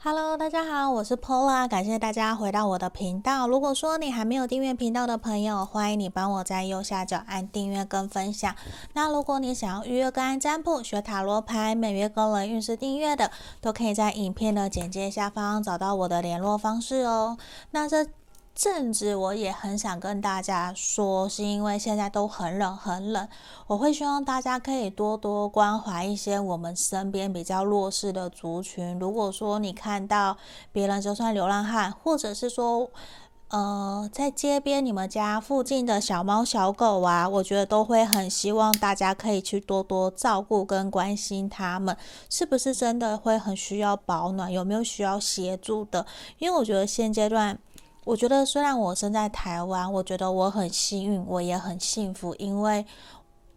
哈嘍，大家好，我是 Paula，感謝大家回到我的頻道。如果說你還沒有訂閱頻道的朋友，歡迎你幫我在右下角按訂閱跟分享。那如果你想要預約個案占卜、學塔羅牌、每月個人運勢訂閱的，都可以在影片的簡介下方找到我的聯絡方式哦。那這。甚至我也很想跟大家說，是因為現在都很冷，很冷。我會希望大家可以多多關懷一些我們身邊比較弱勢的族群。如果說你看到別人，就算流浪漢，或者是說，呃，在街邊你們家附近的小貓小狗啊，我覺得都會很希望大家可以去多多照顧跟關心他們，是不是真的會很需要保暖？有沒有需要協助的？因為我覺得現階段。我覺得雖然我生在台灣，我覺得我很幸運，我也很幸福，因為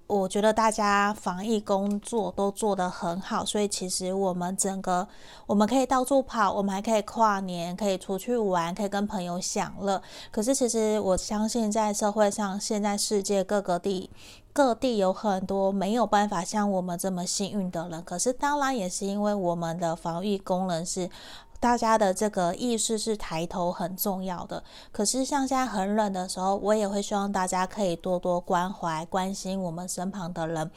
我覺得大家防疫工作都做得很好，所以其實我們整個我們可以到處跑，我們還可以跨年，可以出去玩，可以跟朋友享樂。可是其實我相信，在社會上，現在世界各個地各地有很多沒有辦法像我們這麼幸運的人。可是當然也是因為我們的防疫功能是。大家的這個意識是抬頭很重要的，可是像現在很冷的時候，我也會希望大家可以多多關懷、關心我們身旁的人。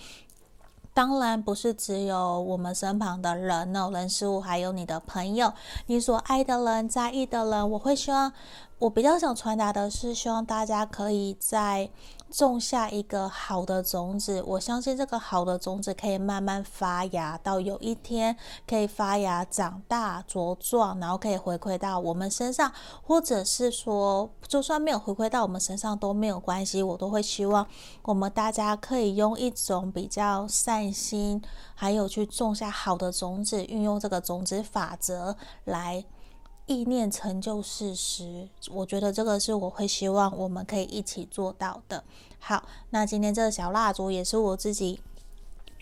當然，不是只有我們身旁的人哦，人事物還有你的朋友、你所愛的人、在意的人。我會希望，我比較想傳達的是，希望大家可以在。種下一個好的種子，我相信這個好的種子可以慢慢發芽，到有一天可以發芽、長大、茁壯，然後可以回饋到我們身上，或者是說，就算沒有回饋到我們身上都沒有關係，我都會希望我們大家可以用一種比較善心，還有去種下好的種子，運用這個種子法則來。意念成就事實，我覺得這個是我會希望我們可以一起做到的。好，那今天這個小蠟燭也是我自己，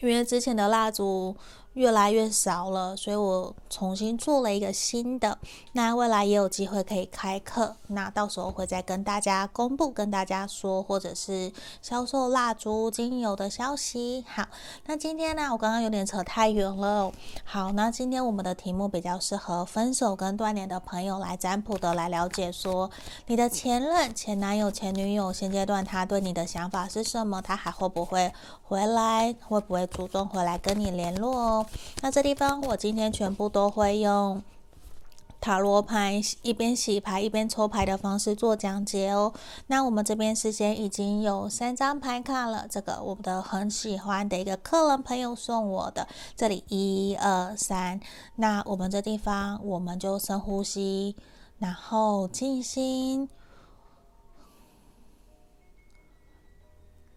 因為之前的蠟燭。越來越少了，所以我重新做了一個新的。那未來也有機會可以開課，那到時候我會再跟大家公布，跟大家說或者是銷售蠟燭精油的消息。好，那今天呢，我剛剛有點扯太遠了。好，那今天我們的題目比較適合分手跟斷聯的朋友來占卜的，來了解說你的前任、前男友、前女友，現階段他對你的想法是什麼？他還會不會回來？會不會主動回來跟你聯絡哦？那這地方，我今天全部都會用塔羅牌，一邊洗牌一邊抽牌的方式做講解哦。那我們這邊事先已經有三張牌卡了，這個我們的很喜歡的一個客人朋友送我的。這裡一、二、三。那我們這地方，我們就深呼吸，然後靜心。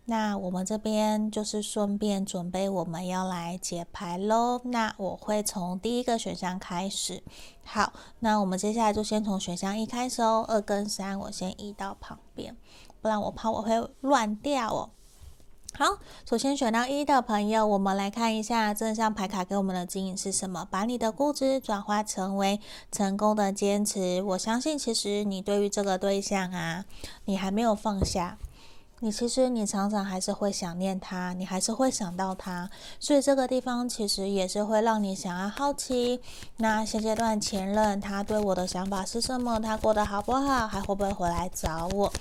那我們這邊就是順便準備我們要來解牌嘍。那我會從第一個選項開始。好，那我們接下來就先從選項一開始哦。二跟三，我先移到旁邊，不然我怕我會亂掉哦。好，首先選到一的朋友，我們來看一下這張牌卡給我們的指引是什麼：把你的固執轉化成為成功的堅持。我相信其實你對於這個對象啊，你還沒有放下。你其實你常常還是會想念他，你還是會想到他，所以這個地方其實也是會讓你想要好奇。那現階段前任他對我的想法是什麼？他過得好不好？還會不會回來找我？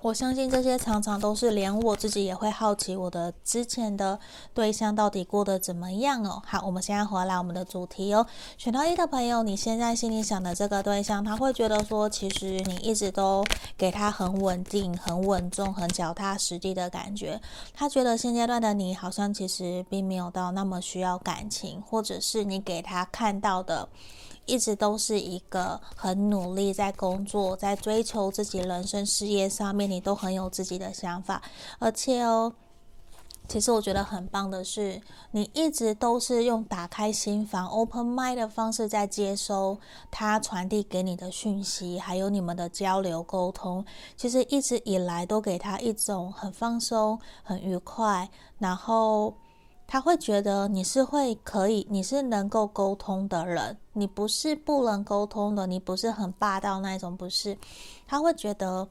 我相信這些常常都是連我自己也會好奇，我的之前的對象到底過得怎麼樣哦、喔。好，我們現在回來我們的主題哦、喔。選到一的朋友，你現在心裡想的這個對象，他會覺得說，其實你一直都給他很穩定、很穩重、很腳踏實地的感覺。他覺得現階段的你好像其實並沒有到那麼需要感情，或者是你給他看到的。一直都是一個很努力在工作，在追求自己人生事業上面，你都很有自己的想法。而且哦，其實我覺得很棒的是，你一直都是用打開心房 open mind 的方式在接收他傳遞給你的訊息，還有你們的交流溝通。其實一直以來都給他一種很放鬆、很愉快，然後。他會覺得你是會可以，你是能夠溝通的人，你不是不能溝通的，你不是很霸道那種，不是。他會覺得。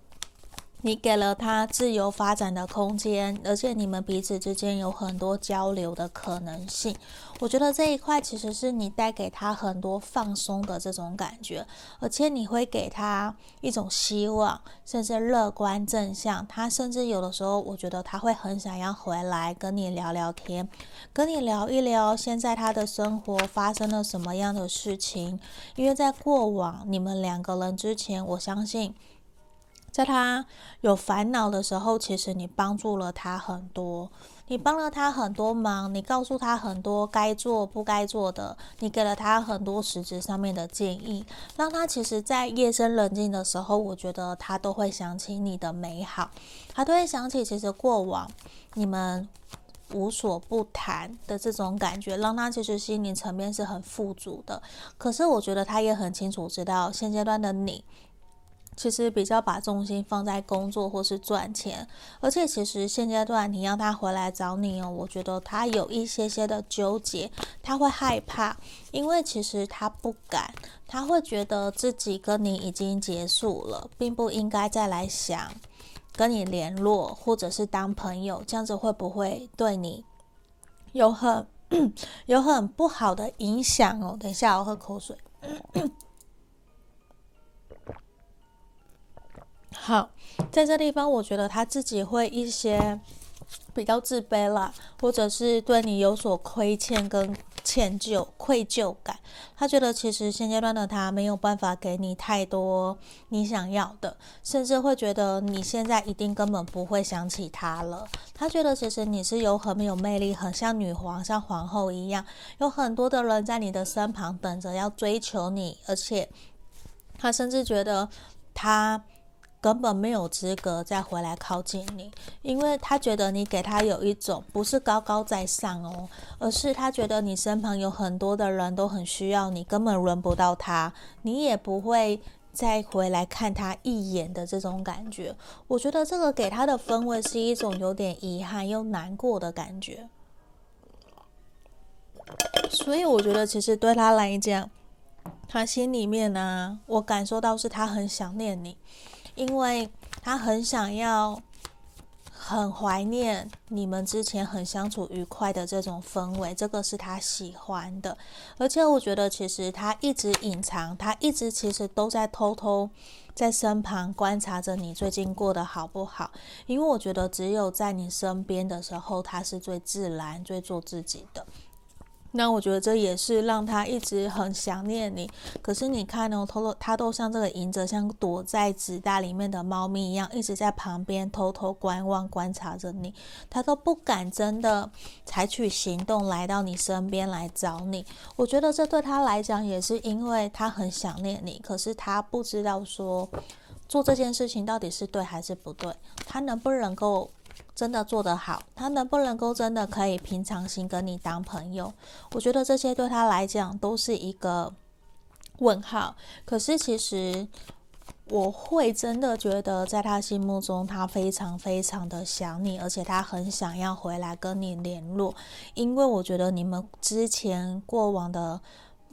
你給了他自由發展的空間，而且你們彼此之間有很多交流的可能性。我覺得這一塊其實是你帶給他很多放鬆的這種感覺，而且你會給他一種希望，甚至樂觀正向。他甚至有的時候，我覺得他會很想要回來跟你聊聊天，跟你聊一聊現在他的生活發生了什麼樣的事情。因為在過往你們兩個人之前，我相信。在他有煩惱的時候，其實你幫助了他很多，你幫了他很多忙，你告訴他很多該做不該做的，你給了他很多實質上面的建議，讓他其實，在夜深人靜的時候，我覺得他都會想起你的美好，他都會想起其實過往你們無所不談的這種感覺，讓他其實心靈層面是很富足的。可是我覺得他也很清楚知道現階段的你。其實比較把重心放在工作或是賺錢，而且其實現階段你讓他回來找你哦，我覺得他有一些些的糾結，他會害怕，因為其實他不敢，他會覺得自己跟你已經結束了，並不應該再來想跟你聯絡或者是當朋友，這樣子會不會對你有很有很不好的影響哦？等一下我喝口水。呵呵好，在這地方，我覺得他自己會一些比較自卑啦，或者是對你有所虧欠跟歉疚、愧疚感。他覺得其實現階段的他沒有辦法給你太多你想要的，甚至會覺得你現在一定根本不會想起他了。他覺得其實你是有很沒有魅力，很像女皇、像皇後一樣，有很多的人在你的身旁等着要追求你，而且他甚至覺得他。根本沒有資格再回來靠近你，因為他覺得你給他有一種不是高高在上哦，而是他覺得你身旁有很多的人都很需要你，根本輪不到他，你也不會再回來看他一眼的這種感覺。我覺得這個給他的氛圍是一種有點遺憾又難過的感覺。所以我覺得其實對他來講，他心裡面呢、啊，我感受到是他很想念你。因為他很想要，很懷念你們之前很相處愉快的這種氛圍，這個是他喜歡的。而且我覺得，其實他一直隱藏，他一直其實都在偷偷在身旁觀察着你最近過得好不好。因為我覺得，只有在你身邊的時候，他是最自然、最做自己的。那我覺得這也是讓他一直很想念你。可是你看呢、哦，他都像這個隱者，像躲在紙袋裡面的貓咪一樣，一直在旁邊偷偷觀望、觀察着你。他都不敢真的採取行動來到你身邊來找你。我覺得這對他來講也是，因為他很想念你，可是他不知道說做這件事情到底是對還是不對，他能不能夠？真的做得好，他能不能夠真的可以平常心跟你當朋友？我覺得這些對他來講都是一個問號。可是其實我會真的覺得，在他心目中，他非常非常的想你，而且他很想要回來跟你聯絡。因為我覺得你們之前過往的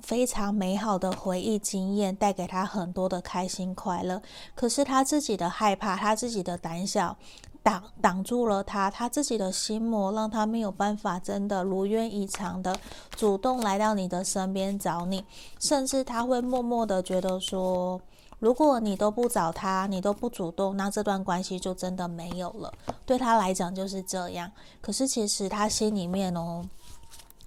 非常美好的回憶經驗，帶給他很多的開心快樂。可是他自己的害怕，他自己的膽小，擋擋住了他，他自己的心魔，讓他沒有辦法真的如願以償的主動來到你的身邊找你，甚至他會默默的覺得說，如果你都不找他，你都不主動，那這段關係就真的沒有了，對他來講就是這樣。可是其實他心裡面哦。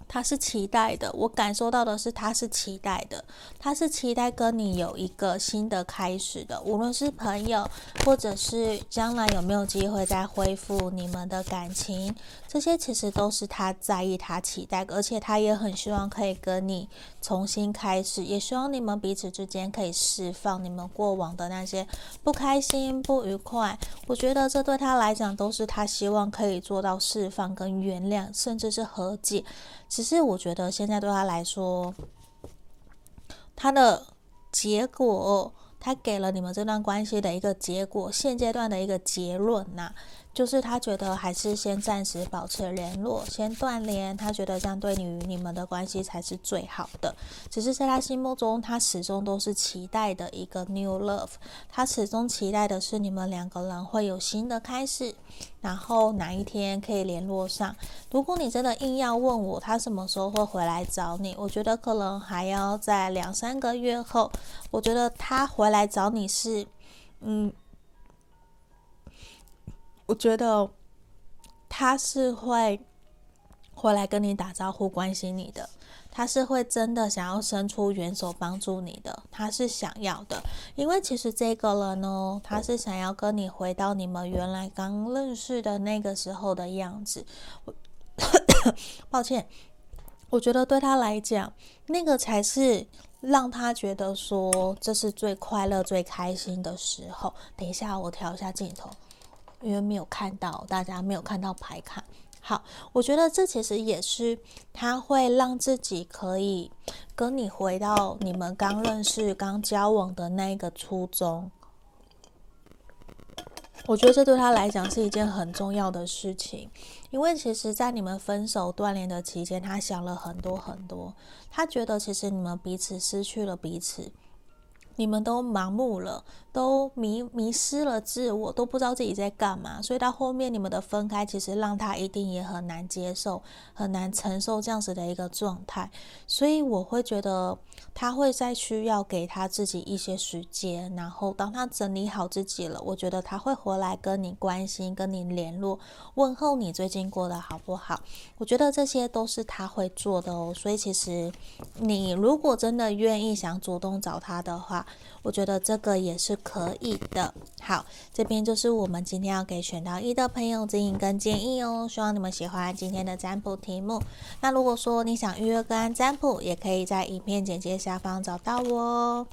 他是期待的，我感受到的是他是期待的，他是期待跟你有一個新的開始的，無論是朋友，或者是將來有沒有機會再恢復你們的感情，這些其實都是他在意，他期待的，而且他也很希望可以跟你重新開始，也希望你們彼此之間可以釋放你們過往的那些不開心、不愉快。我覺得這對他來講都是他希望可以做到釋放跟原諒，甚至是和解。只是我覺得現在對他來說，他的結果，他給了你們這段關係的一個結果，現階段的一個結論吶、啊。就是他覺得還是先暫時保持聯絡，先斷聯。他覺得這樣對你與你們的關係才是最好的。只是在他心目中，他始終都是期待的一個 new love。他始終期待的是你們兩個人會有新的開始，然後哪一天可以聯絡上。如果你真的硬要問我，他什麼時候會回來找你，我覺得可能還要在兩三個月後。我覺得他回來找你是，嗯。我覺得他是會回來跟你打招呼、關心你的，他是會真的想要伸出援手幫助你的，他是想要的。因為其實這個人呢、哦，他是想要跟你回到你們原來剛認識的那個時候的樣子。 抱歉，我覺得對他來講，那個才是讓他覺得說這是最快樂、最開心的時候。等一下，我調一下鏡頭。因為沒有看到大家沒有看到牌卡，好，我覺得這其實也是他會讓自己可以跟你回到你們剛認識、剛交往的那個初衷。我覺得這對他來講是一件很重要的事情，因為其實，在你們分手斷聯的期間，他想了很多很多，他覺得其實你們彼此失去了彼此。你們都盲目了，都迷迷失了自我，都不知道自己在幹嘛，所以到後面你們的分開，其實讓他一定也很難接受，很難承受這樣子的一個狀態，所以我會覺得他會再需要給他自己一些時間，然後當他整理好自己了，我覺得他會回來跟你關心，跟你聯絡，問候你最近過得好不好，我覺得這些都是他會做的哦，所以其實你如果真的願意想主動找他的話，我覺得這個也是可以的。好，這邊就是我們今天要給選到一的朋友指引跟建議哦。希望你們喜歡今天的占卜題目。那如果說你想預約個案占卜，也可以在影片簡介下方找到我哦。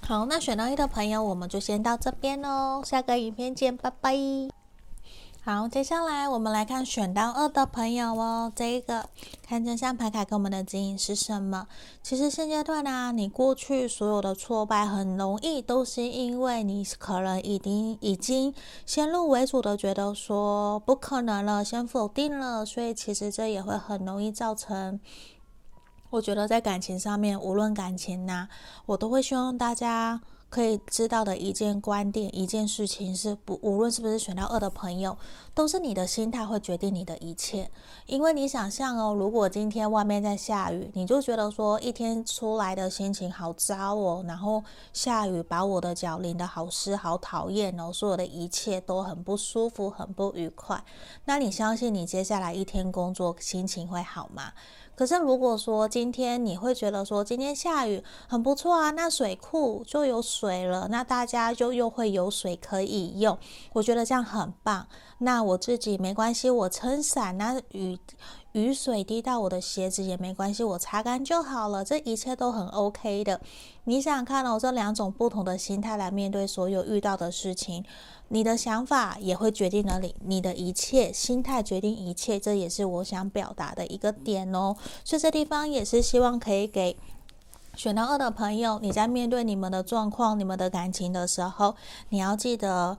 好，那選到一的朋友，我們就先到這邊哦。下個影片見，拜拜。好，接下來我們來看選到二的朋友哦。這一個看真相牌卡給我們的指引是什麼？其實現階段呢、啊，你過去所有的挫敗很容易都是因為你可能已經已經先入為主的覺得說不可能了，先否定了，所以其實這也會很容易造成。我覺得在感情上面，無論感情吶、啊，我都會希望大家。可以知道的一件觀點，一件事情是不，無論是不是選到二的朋友，都是你的心態會決定你的一切。因為你想象哦，如果今天外面在下雨，你就覺得說一天出來的心情好糟哦，然後下雨把我的腳淋得好濕，好討厭哦，所有的一切都很不舒服，很不愉快。那你相信你接下來一天工作心情會好嗎？可是如果說今天你會覺得說，今天下雨很不錯啊，那水庫就有水了，那大家就又會有水可以用，我覺得這樣很棒。那我自己沒關係，我撐傘，那雨。雨水滴到我的鞋子也沒關係，我擦乾就好了，這一切都很 OK 的。你想看哦，這兩種不同的心態來面對所有遇到的事情，你的想法也會決定了你你的一切，心態決定一切，這也是我想表達的一個點哦。所以這地方也是希望可以給選到二的朋友，你在面對你們的狀況、你們的感情的時候，你要記得。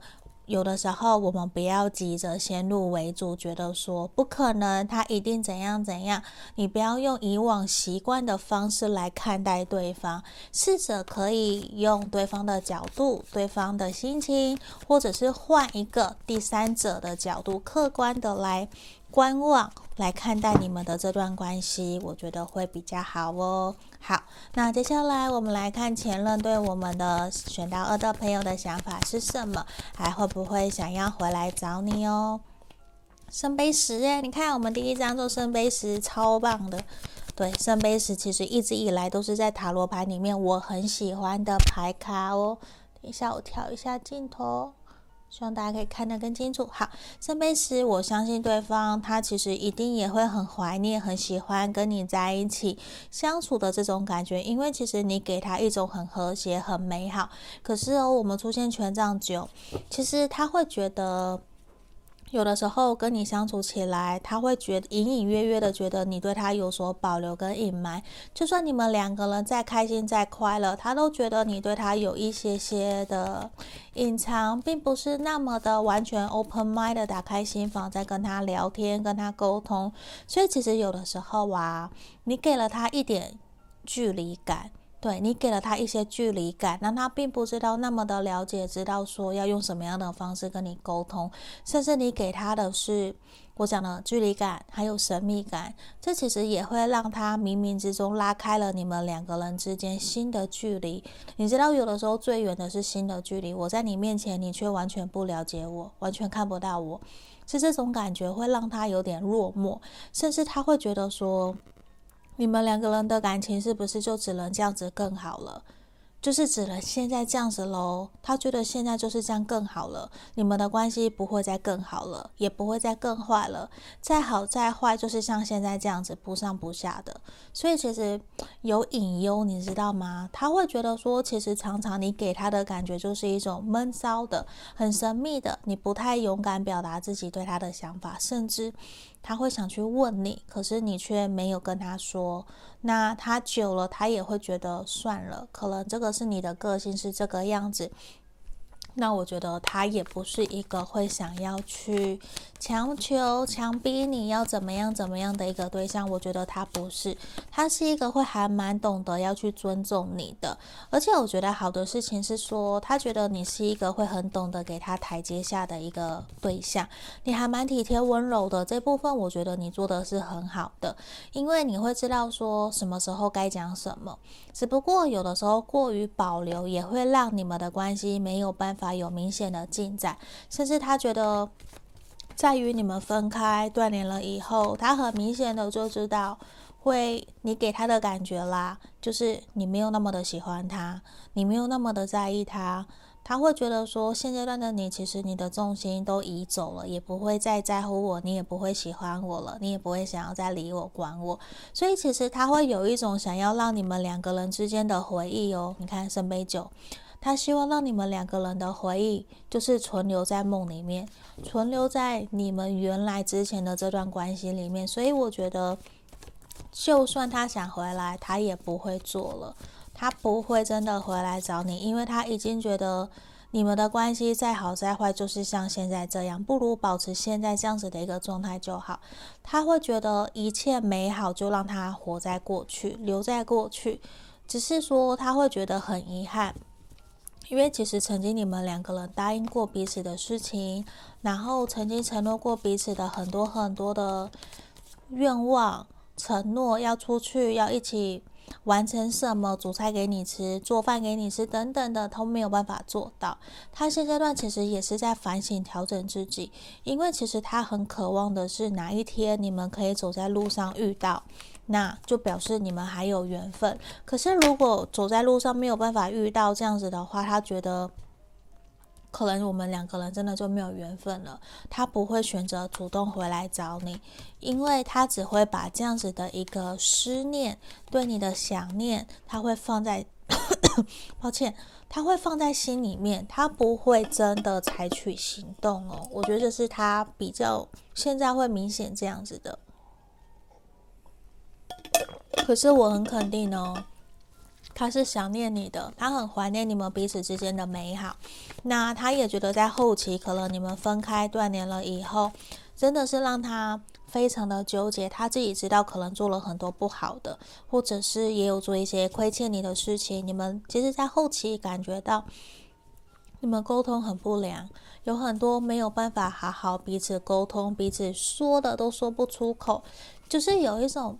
有的時候，我們不要急着先入為主，覺得說不可能，他一定怎樣怎樣。你不要用以往習慣的方式來看待對方，試着可以用對方的角度、對方的心情，或者是換一個第三者的角度，客觀的來觀望，來看待你們的這段關係，我覺得會比較好哦。好，那接下來我們來看前任對我們的選到二的朋友的想法是什麼，還會不會想要回來找你哦？聖杯十，耶！你看我們第一張做聖杯十超棒的。對，聖杯十其實一直以來都是在塔羅牌裡面我很喜歡的牌卡哦。等一下，我調一下鏡頭。希望大家可以看得更清楚。好，聖杯十，我相信對方他其實一定也會很懷念、很喜歡跟你在一起相處的這種感覺，因為其實你給他一種很和諧、很美好。可是哦，我們出現權杖九，其實他會覺得。有的時候跟你相處起來，他會覺得隱隱約約的覺得你對他有所保留跟隱瞞。就算你們兩個人再開心再快樂，他都覺得你對他有一些些的隱藏，並不是那麼的完全 open mind 的打開心房在跟他聊天、跟他溝通。所以其實有的時候啊，你給了他一點距離感。對，你給了他一些距離感，讓他並不知道那麼的了解，知道說要用什麼樣的方式跟你溝通，甚至你給他的是我講的距離感，還有神秘感，這其實也會讓他冥冥之中拉開了你們兩個人之間新的距離。你知道，有的時候最遠的是心的距離，我在你面前，你卻完全不了解我，完全看不到我，是這種感覺會讓他有點落寞，甚至他會覺得說。你們兩個人的感情是不是就只能這樣子更好了？就是只能現在這樣子嘍？他覺得現在就是這樣更好了，你們的關係不會再更好了，也不會再更壞了。再好再壞，就是像現在這樣子不上不下的。所以其實有隱憂，你知道嗎？他會覺得說，其實常常你給他的感覺就是一種悶騷的、很神秘的，你不太勇敢表達自己對他的想法，甚至。他會想去問你，可是你卻沒有跟他說。那他久了，他也會覺得算了，可能這個是你的個性是這個樣子。那我覺得他也不是一個會想要去。強求強逼你要怎麼樣怎麼樣的一個對象，我覺得他不是，他是一個會還蠻懂得要去尊重你的，而且我覺得好的事情是說，他覺得你是一個會很懂得給他台階下的一個對象，你還蠻體貼溫柔的這部分，我覺得你做的是很好的，因為你會知道說什麼時候該講什麼，只不過有的時候過於保留，也會讓你們的關係沒有辦法有明顯的進展，甚至他覺得。在與你們分開、斷聯了以後，他很明顯的就知道，會你給他的感覺啦，就是你沒有那麼的喜歡他，你沒有那麼的在意他，他會覺得說，現階段的你，其實你的重心都移走了，也不會再在乎我，你也不會喜歡我了，你也不會想要再理我、管我，所以其實他會有一種想要讓你們兩個人之間的回憶哦，你看聖杯九。他希望讓你們兩個人的回憶就是存留在夢裡面，存留在你們原來之前的這段關係裡面。所以我覺得，就算他想回來，他也不會做了，他不會真的回來找你，因為他已經覺得你們的關係再好再壞，就是像現在這樣，不如保持現在這樣子的一個狀態就好。他會覺得一切美好，就讓他活在過去，留在過去，只是說他會覺得很遺憾。因為其實曾經你們兩個人答應過彼此的事情，然後曾經承諾過彼此的很多很多的願望、承諾，要出去，要一起完成什麼，煮菜給你吃，做飯給你吃，等等的，都沒有辦法做到。他現階段其實也是在反省、調整自己，因為其實他很渴望的是哪一天你們可以走在路上遇到。那就表示你們還有緣分。可是如果走在路上沒有辦法遇到這樣子的話，他覺得可能我們兩個人真的就沒有緣分了。他不會選擇主動回來找你，因為他只會把這樣子的一個思念、對你的想念，他會放在， 抱歉，他會放在心裡面，他不會真的採取行動哦。我覺得是他比較現在會明顯這樣子的。可是我很肯定哦，他是想念你的，他很懷念你們彼此之間的美好。那他也覺得在後期可能你們分開斷聯了以後，真的是讓他非常的糾結。他自己知道可能做了很多不好的，或者是也有做一些虧欠你的事情。你們其實，在後期感覺到你們溝通很不良，有很多沒有辦法好好彼此溝通，彼此說的都說不出口，就是有一種。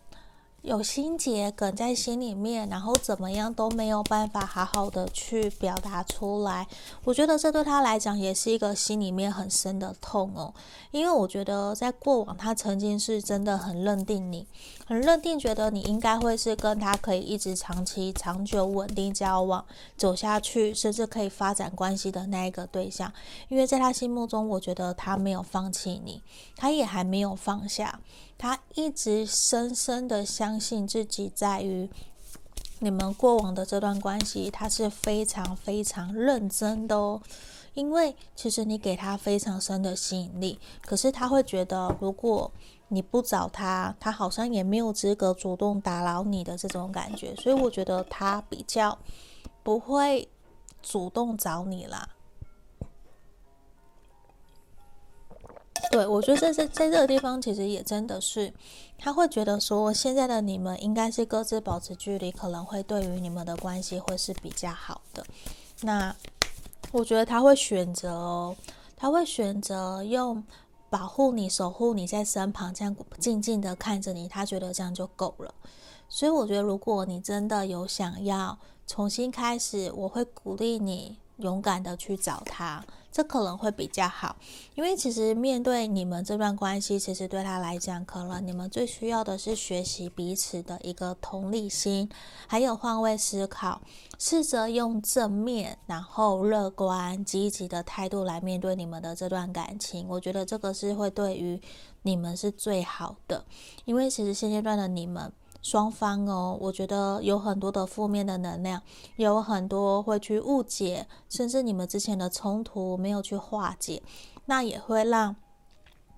有心結梗在心裡面，然後怎麼樣都沒有辦法好好的去表達出來。我覺得這對他來講也是一個心裡面很深的痛哦，因為我覺得在過往他曾經是真的很認定你，很認定，覺得你應該會是跟他可以一直長期、長久穩定交往走下去，甚至可以發展關係的那一個對象。因為在他心目中，我覺得他沒有放棄你，他也還沒有放下。他一直深深的相信自己，在於你們過往的這段關係，他是非常非常認真的哦。因為其實你給他非常深的吸引力，可是他會覺得，如果你不找他，他好像也沒有資格主動打擾你的這種感覺。所以我覺得他比較不會主動找你啦。對，我覺得在這，在這個地方，其實也真的是，他會覺得說，現在的你們應該是各自保持距離，可能會對於你們的關係會是比較好的。那我覺得他會選擇哦，他會選擇用保護你、守護你在身旁，這樣靜靜地看着你，他覺得這樣就夠了。所以我覺得，如果你真的有想要重新開始，我會鼓勵你勇敢地去找他。這可能會比較好，因為其實面對你們這段關係，其實對他來講，可能你們最需要的是學習彼此的一個同理心，還有換位思考，試着用正面，然後樂觀、積極的態度來面對你們的這段感情。我覺得這個是會對於你們是最好的，因為其實現階段的你們。雙方哦，我覺得有很多的負面的能量，有很多會去誤解，甚至你們之前的衝突沒有去化解，那也會讓。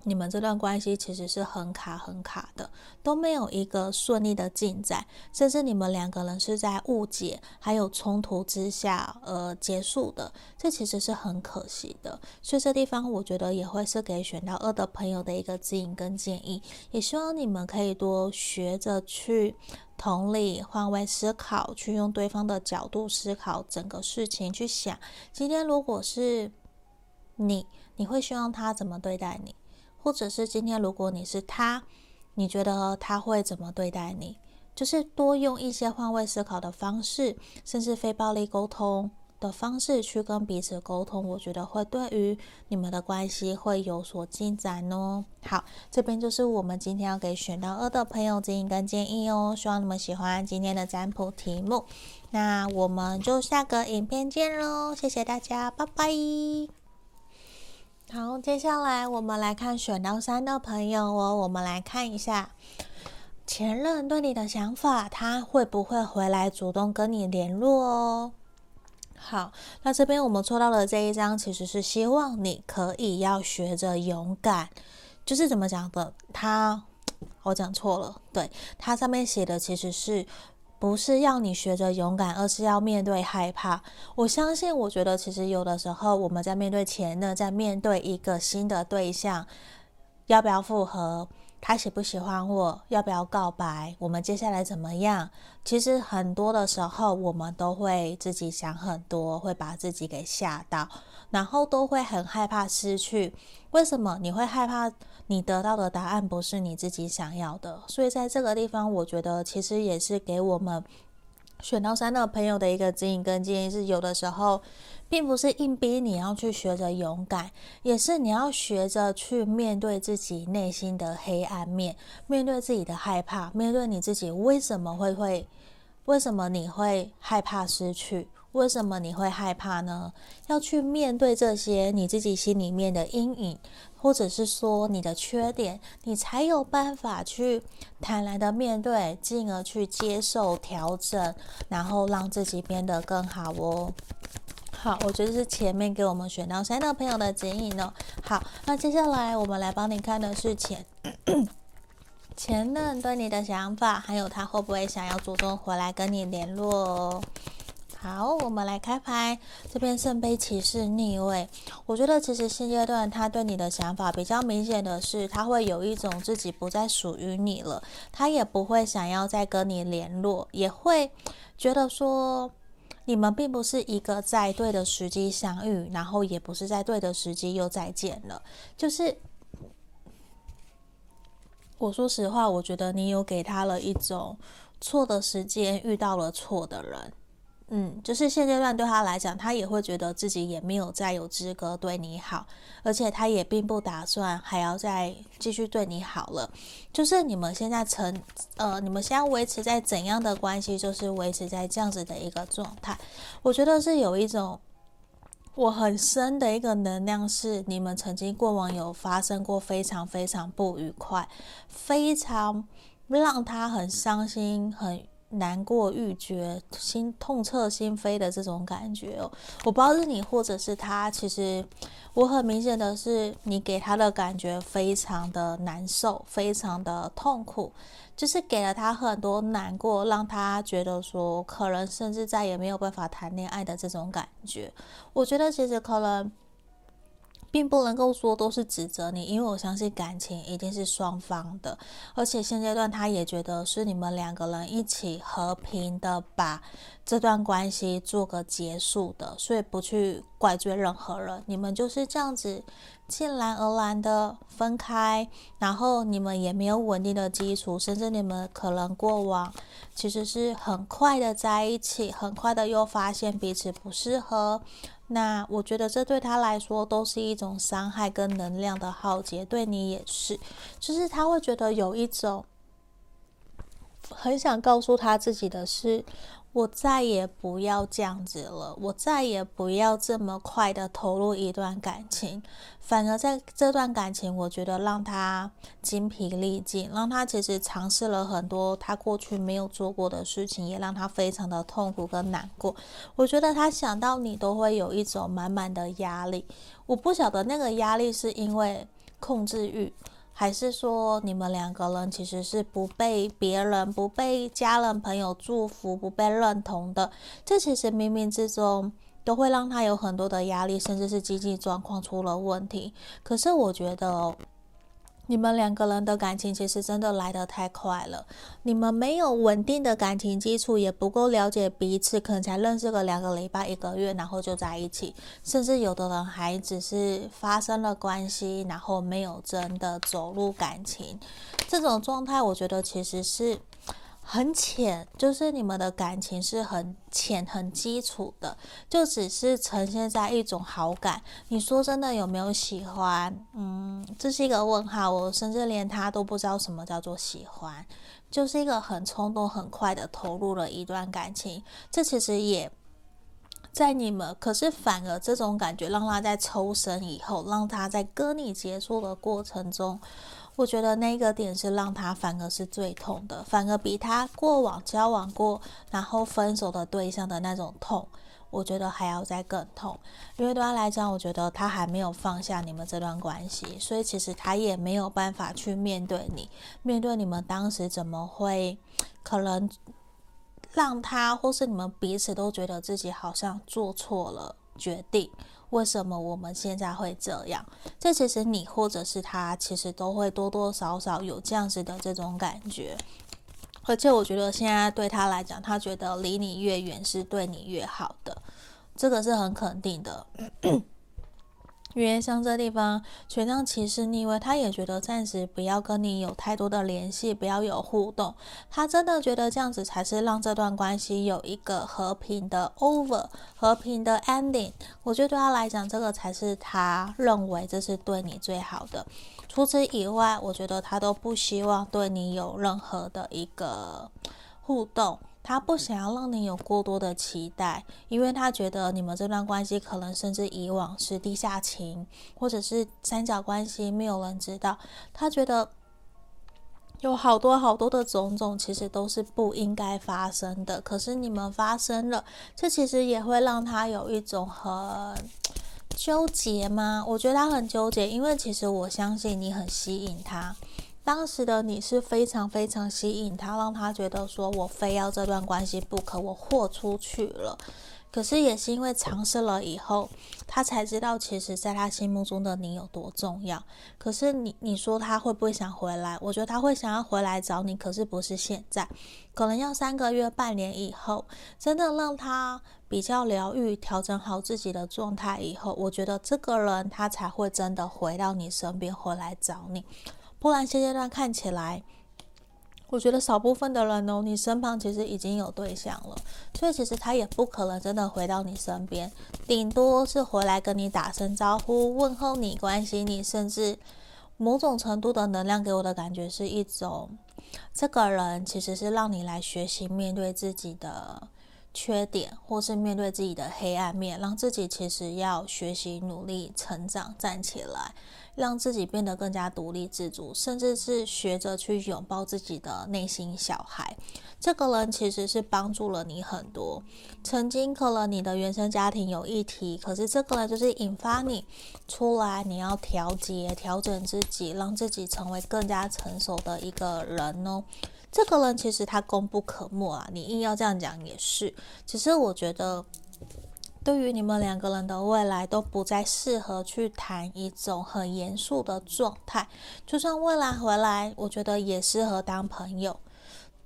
你們這段關係其實是很卡很卡的，都沒有一個順利的進展，甚至你們兩個人是在誤解還有衝突之下呃結束的，這其實是很可惜的。所以這地方我覺得也會是給選到二的朋友的一個指引跟建議，也希望你們可以多學着去同理、換位思考，去用對方的角度思考整個事情，去想今天如果是你，你會希望他怎麼對待你？或者是今天，如果你是他，你覺得他會怎麼對待你？就是多用一些換位思考的方式，甚至非暴力溝通的方式去跟彼此溝通，我覺得會對於你們的關係會有所進展哦。好，這邊就是我們今天要給選到二的朋友指引跟建議哦。希望你們喜歡今天的占卜題目，那我們就下個影片見嘍，謝謝大家，拜拜。好，接下來我們來看選到三的朋友哦。我們來看一下前任對你的想法，他會不會回來主動跟你聯絡哦？好，那這邊我們抽到的這一張其實是希望你可以要學着勇敢，就是怎麼講的？他我講錯了，對，它上面寫的其實是。不是要你學着勇敢，而是要面對害怕。我相信，我覺得其實有的時候我們在面對前任，在面對一個新的對象，要不要復合？他喜不喜歡我？要不要告白？我們接下來怎麼樣？其實很多的時候，我們都會自己想很多，會把自己給嚇到，然後都會很害怕失去。為什麼你會害怕？你得到的答案不是你自己想要的。所以在這個地方，我覺得其實也是給我們選到三的朋友的一個指引跟建議是：有的時候，並不是硬逼你要去學着勇敢，也是你要學着去面對自己內心的黑暗面，面對自己的害怕，面對你自己為什麼會會為什麼你會害怕失去，為什麼你會害怕呢？要去面對這些你自己心裡面的陰影，或者是說你的缺點，你才有辦法去坦然的面對，進而去接受、調整，然後讓自己變得更好哦。好，我覺得是前面給我們選到三的朋友的指引哦。好，那接下來我們來幫你看的是前 前任對你的想法，還有他會不會想要主動回來跟你聯絡哦。好，我們來開牌，這邊聖杯騎士逆位。我覺得其實現階段他對你的想法比較明顯的是，他會有一種自己不再屬於你了，他也不會想要再跟你聯絡，也會覺得說。你們並不是一個在對的時機相遇，然後也不是在對的時機又再見了。就是我說實話，我覺得你有給他了一種錯的時間遇到了錯的人。嗯，就是現階段對他來講，他也會覺得自己也沒有再有資格對你好，而且他也並不打算還要再繼續對你好了。就是你們現在成呃，你們現在維持在怎樣的關係？就是維持在這樣子的一個狀態，我覺得是有一種我很深的一個能量，是你們曾經過往有發生過非常非常不愉快，非常讓他很傷心很。難過欲絕、心痛徹心扉的這種感覺哦，我不知道是你或者是他，其實我很明顯的是你給他的感覺非常的難受、非常的痛苦，就是給了他很多難過，讓他覺得說可能甚至再也沒有辦法談戀愛的這種感覺。我覺得其實可能。並不能夠說都是指責你，因為我相信感情一定是雙方的，而且現階段他也覺得是你們兩個人一起和平的把這段關係做個結束的，所以不去怪罪任何人。你們就是這樣子自然而然的分開，然後你們也沒有穩定的基礎，甚至你們可能過往其實是很快的在一起，很快的又發現彼此不適合。那我覺得這對他來說都是一種傷害，跟能量的耗竭。對你也是，就是他會覺得有一種很想告訴他自己的是。我再也不要這樣子了，我再也不要這麼快的投入一段感情，反而在這段感情，我覺得讓他精疲力盡，讓他其實嘗試了很多他過去沒有做過的事情，也讓他非常的痛苦跟難過。我覺得他想到你都會有一種滿滿的壓力，我不曉得那個壓力是因為控制慾。還是說，你們兩個人其實是不被別人、不被家人、朋友祝福、不被認同的。這其實冥冥之中都會讓他有很多的壓力，甚至是經濟狀況出了問題。可是我覺得哦。你們兩個人的感情其實真的來得太快了，你們沒有穩定的感情基礎，也不夠了解彼此，可能才認識個兩個禮拜一個月，然後就在一起，甚至有的人還只是發生了關係，然後沒有真的走入感情。這種狀態，我覺得其實是。很淺，就是你們的感情是很淺、很基礎的，就只是呈現在一種好感。你說真的有沒有喜歡？嗯，這是一個問號。我甚至連他都不知道什麼叫做喜歡，就是一個很衝動、很快的投入了一段感情。這其實也在你們，可是反而這種感覺讓他在抽身以後，讓他在跟你結束的過程中。我覺得那個點是讓他反而是最痛的，反而比他過往交往過然後分手的對象的那種痛，我覺得還要再更痛。因為對他來講，我覺得他還沒有放下你們這段關係，所以其實他也沒有辦法去面對你，面對你們當時怎麼會，可能讓他或是你們彼此都覺得自己好像做錯了決定。為什麼我們現在會這樣？這其實你或者是他，其實都會多多少少有這樣子的這種感覺。而且我覺得現在對他來講，他覺得離你越遠是對你越好的，這個是很肯定的。 因為像這地方，權杖騎士逆位，他也覺得暫時不要跟你有太多的聯繫，不要有互動。他真的覺得這樣子才是讓這段關係有一個和平的 over，和平的 ending。我覺得對他來講，這個才是他認為這是對你最好的。除此以外，我覺得他都不希望對你有任何的一個互動。他不想要讓你有過多的期待，因為他覺得你們這段關係可能甚至以往是地下情，或者是三角關係，沒有人知道。他覺得有好多好多的種種，其實都是不應該發生的。可是你們發生了，這其實也會讓他有一種很糾結嗎？我覺得他很糾結，因為其實我相信你很吸引他。當時的你是非常非常吸引他，讓他覺得說我非要這段關係不可，我豁出去了。可是也是因為嘗試了以後，他才知道其實在他心目中的你有多重要。可是你你說他會不會想回來？我覺得他會想要回來找你，可是不是現在，可能要三個月、半年以後，真的讓他比較療癒、調整好自己的狀態以後，我覺得這個人他才會真的回到你身邊，回來找你。不然，現階段看起來，我覺得少部分的人喔，你身旁其實已經有對象了，所以其實他也不可能真的回到你身邊，頂多是回來跟你打聲招呼、問候你、關心你，甚至某種程度的能量給我的感覺是一種，這個人其實是讓你來學習面對自己的缺點，或是面對自己的黑暗面，讓自己其實要學習、努力、成長、站起來。讓自己變得更加獨立自主，甚至是學着去擁抱自己的內心小孩。這個人其實是幫助了你很多。曾經可能你的原生家庭有議題，可是這個人就是引發你出來，你要調節、調整自己，讓自己成為更加成熟的一個人哦。這個人其實他功不可沒啊！你硬要這樣講也是。只是我覺得。對於你們兩個人的未來都不再適合去談一種很嚴肅的狀態，就算未來回來，我覺得也適合當朋友。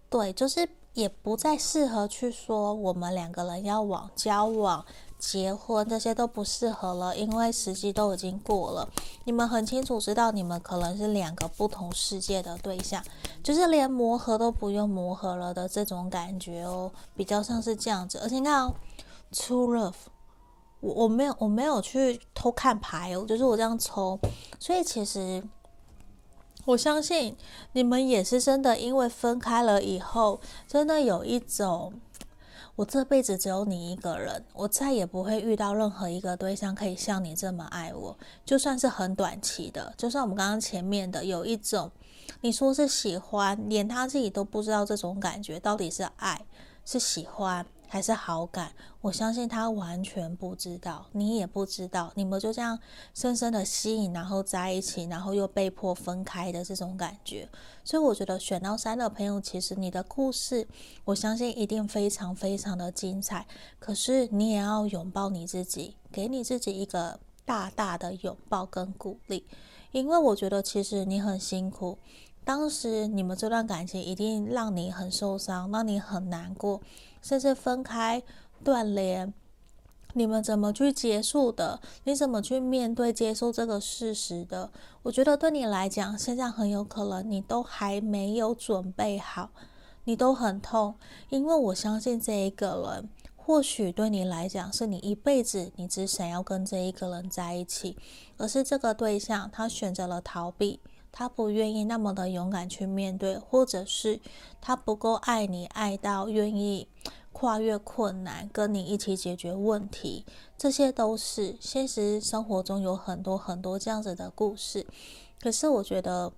對，就是也不再適合去說我們兩個人要往交往、結婚這些都不適合了，因為時機都已經過了。你們很清楚知道，你們可能是兩個不同世界的對象，就是連磨合都不用磨合了的這種感覺哦，比較像是這樣子。而且你看哦。出了，我我沒有我沒有去偷看牌哦，就是我這樣抽，所以其實我相信你們也是真的，因為分開了以後，真的有一種我這輩子只有你一個人，我再也不會遇到任何一個對象可以像你這麼愛我，就算是很短期的，就算我們剛剛前面的，有一種你說是喜歡，連他自己都不知道這種感覺到底是愛是喜歡。還是好感，我相信他完全不知道，你也不知道，你們就這樣深深的吸引，然後在一起，然後又被迫分開的這種感覺。所以我覺得選到三的朋友，其實你的故事，我相信一定非常非常的精彩。可是你也要擁抱你自己，給你自己一個大大的擁抱跟鼓勵，因為我覺得其實你很辛苦。當時你們這段感情一定讓你很受傷，讓你很難過，甚至分開斷聯。你們怎麼去結束的？你怎麼去面對、接受這個事實的？我覺得對你來講，現在很有可能你都還沒有準備好，你都很痛。因為我相信這一個人，或許對你來講是你一輩子，你只想要跟這一個人在一起，而是這個對象他選擇了逃避。他不願意那麼的勇敢去面對，或者是他不夠愛你，愛到願意跨越困難跟你一起解決問題，這些都是現實生活中有很多很多這樣子的故事。可是我覺得，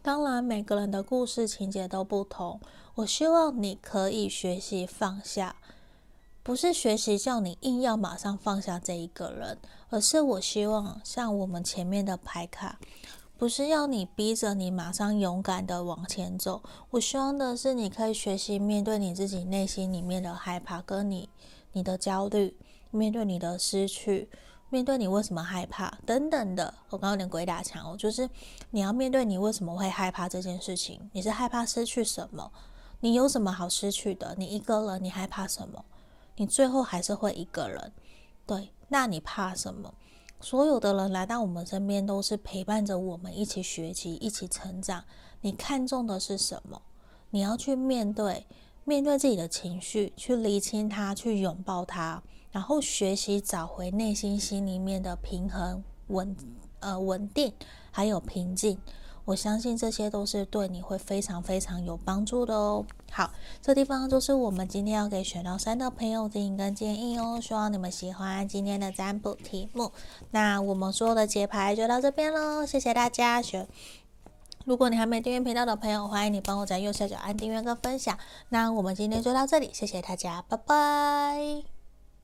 當然每個人的故事情節都不同。我希望你可以學習放下，不是學習叫你硬要馬上放下這一個人，而是我希望像我們前面的牌卡。不是要你逼着你馬上勇敢地往前走，我希望的是你可以學習面對你自己內心裡面的害怕，跟你你的焦慮，面對你的失去，面對你為什麼害怕等等的。我剛剛有點鬼打牆哦，我就是你要面對你為什麼會害怕這件事情，你是害怕失去什麼？你有什麼好失去的？你一個人，你害怕什麼？你最後還是會一個人，對？那你怕什麼？所有的人來到我們身邊，都是陪伴着我們一起學習、一起成長。你看重的是什麼？你要去面對，面對自己的情緒，去理清它，去擁抱它，然後學習找回內心心裡面的平衡、穩呃穩定還有平靜。我相信這些都是對你會非常非常有幫助的哦。好，這地方就是我們今天要給選到三的朋友的一個建議哦。希望你們喜歡今天的占卜題目。那我們所有的解牌就到這邊嘍，謝謝大家。選，如果你還沒訂閱頻道的朋友，歡迎你幫我在右下角按訂閱跟分享。那我們今天就到這裡，謝謝大家，拜拜。